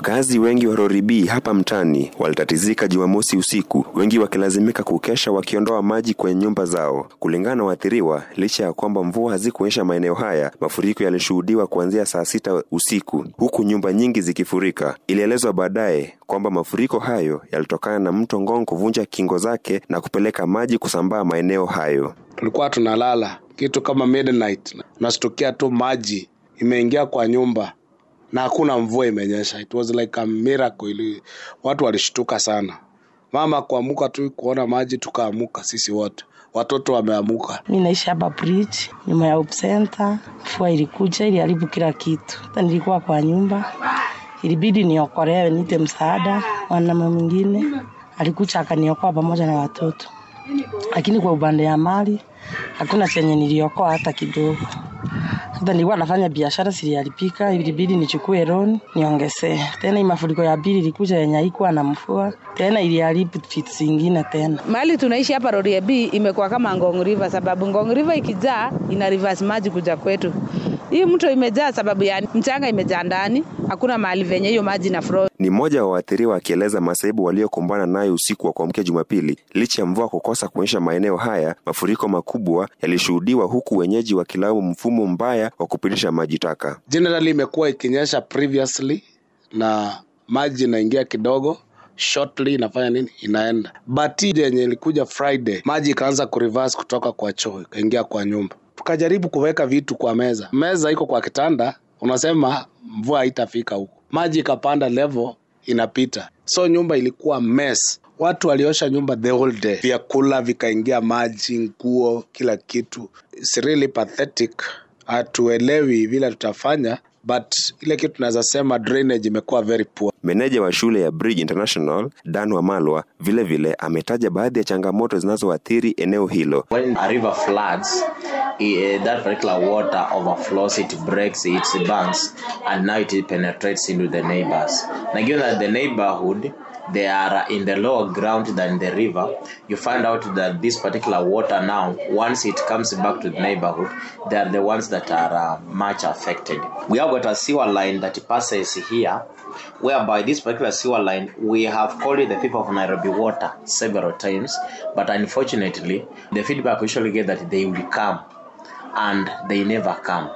Wakazi wengi wa Roribi hapa mtani walitatizika Jumamosi usiku, wengi wakilazimika kukesha wakiondoa maji kwenye nyumba zao. Kulingana na waathiriwa, licha ya kwamba mvua hazikuonyesha maeneo haya, mafuriko yalishuhudiwa kuanzia saa sita usiku, huku nyumba nyingi zikifurika. Ilielezwa baadaye kwamba mafuriko hayo yalitokana na mto Ngong kuvunja kingo zake na kupeleka maji kusambaa maeneo hayo. Tulikuwa tunalala kitu kama midnight, nastokea tu maji imeingia kwa nyumba na hakuna mvua imenyesha. It was like a miracle. Ili, watu walishtuka sana. Mama kuamuka tu kuona maji, tukaamuka sisi wote watoto wameamuka. Mi naishi hapa bridge nyuma ya Hope Center. Mvua ilikuja iliharibu kila kitu, hata nilikuwa kwa nyumba, ilibidi niokolewe, nite msaada. Mwanaume mwingine alikucha akaniokoa pamoja na watoto, lakini kwa upande ya mali hakuna chenye niliokoa hata kidogo. Hata nilikuwa nafanya biashara siliharibika, ilibidi nichukue loan niongezee. Tena mafuriko ya pili ilikuja yenye haikuwa na mvua, tena iliharibu vitu zingine tena. mali tunaishi hapa Roria B imekuwa kama Ngong River, sababu Ngong River ikijaa ina reverse maji kuja kwetu. Hii mto imejaa sababu ya mchanga imejaa ndani, hakuna mahali venye hiyo maji na flow. Ni mmoja wa waathiriwa akieleza masaibu waliokumbana nayo usiku wa kuamkia Jumapili. Licha ya mvua kukosa kuonyesha maeneo haya, mafuriko makubwa yalishuhudiwa, huku wenyeji wakilaumu mfumo mbaya wa kupitisha maji taka. Generally imekuwa ikinyesha previously na maji inaingia kidogo shortly inafanya nini, inaenda but yenye ilikuja Friday maji ikaanza kureverse kutoka kwa choo ikaingia kwa nyumba tukajaribu kuweka vitu kwa meza. Meza iko kwa kitanda, unasema mvua haitafika huko maji ikapanda levo inapita, so nyumba ilikuwa mes Watu waliosha nyumba the whole day, vyakula vikaingia maji, nguo, kila kitu. It's really pathetic. Hatuelewi vile tutafanya but ile kitu tunaweza sema drainage imekuwa very poor. Meneja wa shule ya Bridge International Dan Wamalwa vilevile ametaja baadhi ya changamoto zinazoathiri eneo hilo. When a river floods, that particular water overflows, it breaks its banks, and now it penetrates into the neighbors. Now, given that the neighborhood they are in the lower ground than the river, you find out that this particular water now, once it comes back to the neighborhood, they are the ones that are uh, much affected. We have got a sewer line that passes here, whereby this particular sewer line, we have called it the people of Nairobi Water several times, but unfortunately, the feedback we usually get that they will come and they never come.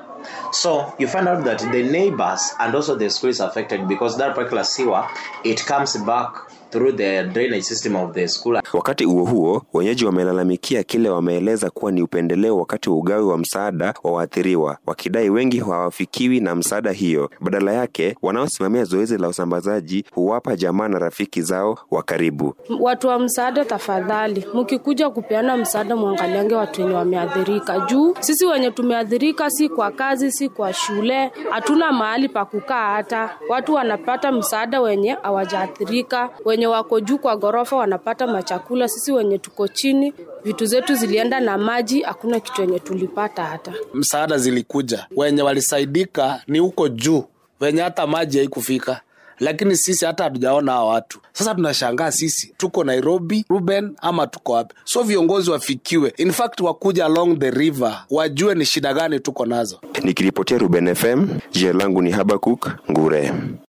So you find out that the neighbors and also the school is affected because that particular sewer it comes back through the drainage system of the school. Wakati huo huo, wenyeji wamelalamikia kile wameeleza kuwa ni upendeleo wakati wa ugawi wa msaada wa waathiriwa, wakidai wengi hawafikiwi na msaada hiyo. Badala yake, wanaosimamia zoezi la usambazaji huwapa jamaa na rafiki zao wa karibu. Watu wa msaada, tafadhali, mkikuja kupeana msaada mwangaliange watu wenye wameathirika, juu sisi wenye tumeathirika si kwa kazi, si kwa shule, hatuna mahali pa kukaa. Hata watu wanapata msaada wenye hawajaathirika wenye wenye wako juu kwa ghorofa wanapata machakula, sisi wenye tuko chini vitu zetu zilienda na maji, hakuna kitu yenye tulipata. Hata msaada zilikuja, wenye walisaidika ni huko juu, wenye hata maji haikufika lakini sisi hata hatujaona hawa watu. Sasa tunashangaa sisi tuko Nairobi, Ruben, ama tuko wapi? So viongozi wafikiwe, in fact wakuja along the river, wajue ni shida gani tuko nazo. Nikiripotia Ruben FM, jina langu ni Habakuk Ngure.